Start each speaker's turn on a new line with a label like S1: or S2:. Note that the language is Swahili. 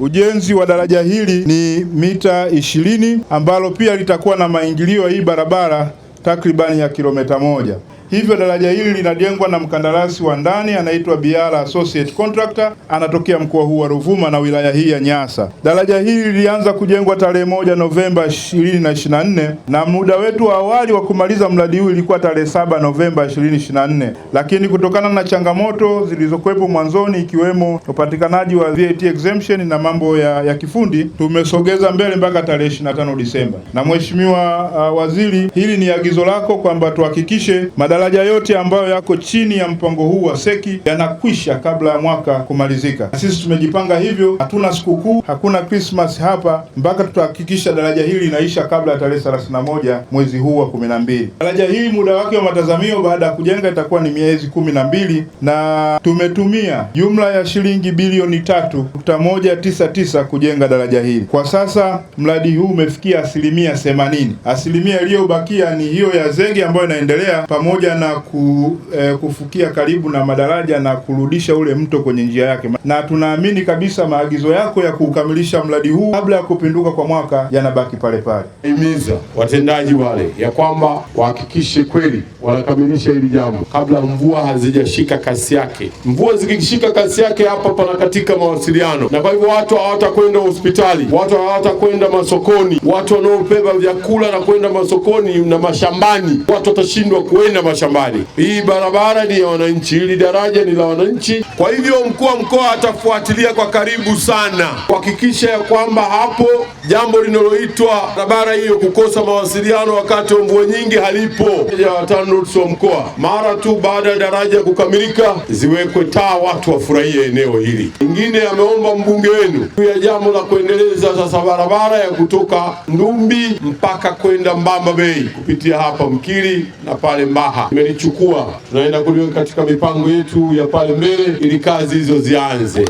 S1: Ujenzi wa daraja hili ni mita ishirini ambalo pia litakuwa na maingilio ya hii barabara takribani ya kilomita moja. Hivyo daraja hili linajengwa na mkandarasi wa ndani anaitwa Biara Associate Contractor, anatokea mkoa huu wa Ruvuma na wilaya hii ya Nyasa. Daraja hili lilianza kujengwa tarehe moja Novemba 2024 na muda wetu wa awali wa kumaliza mradi huu ilikuwa tarehe 7 Novemba 2024, lakini kutokana na changamoto zilizokuwepo mwanzoni ikiwemo upatikanaji wa VAT exemption na mambo ya, ya kifundi tumesogeza mbele mpaka tarehe 25 Disemba. Na mheshimiwa uh, waziri, hili ni agizo lako kwamba tuhakikishe madaraja Madaraja yote ambayo yako chini ya mpango huu wa seki yanakwisha kabla ya mwaka kumalizika, na sisi tumejipanga hivyo. Hatuna sikukuu, hakuna Christmas hapa mpaka tutahakikisha daraja hili linaisha kabla ya tarehe 31 mwezi huu wa 12. Daraja hili muda wake wa matazamio baada ya kujenga itakuwa ni miezi mbili na tumetumia jumla ya shilingi bilioni tisa kujenga daraja hili. Kwa sasa mradi huu umefikia asilimia 80. Asilimia iliyobakia ni hiyo ya zege ambayo inaendelea pamoja pamoja na ku, eh, kufukia karibu na madaraja na kurudisha ule mto kwenye njia yake, na tunaamini kabisa maagizo yako ya kuukamilisha mradi huu kabla ya kupinduka kwa mwaka yanabaki pale pale.
S2: Himiza watendaji wale ya kwamba wahakikishe kweli wanakamilisha hili jambo kabla mvua hazijashika kasi yake. Mvua zikishika kasi yake, hapa pana katika mawasiliano, na kwa hivyo watu hawatakwenda hospitali, watu hawatakwenda masokoni, watu wanaobeba vyakula na kwenda masokoni na mashambani, watu watashindwa kuenda mashambani mashambani. Hii barabara ni ya wananchi, hili daraja ni la wananchi. Kwa hivyo mkuu wa mkoa atafuatilia kwa karibu sana kuhakikisha ya kwamba hapo jambo linaloitwa barabara hiyo kukosa mawasiliano wakati wa mvua nyingi halipo. Ya TANROADS wa mkoa, mara tu baada ya daraja kukamilika, ziwekwe taa, watu wafurahie eneo hili. Ingine ameomba mbunge wenu ya jambo la kuendeleza sasa barabara ya kutoka Ndumbi mpaka kwenda Mbamba Bay kupitia hapa Mkili na pale Mbaha tumelichukua tunaenda kuliweka katika mipango yetu ya pale mbele, ili kazi hizo zianze.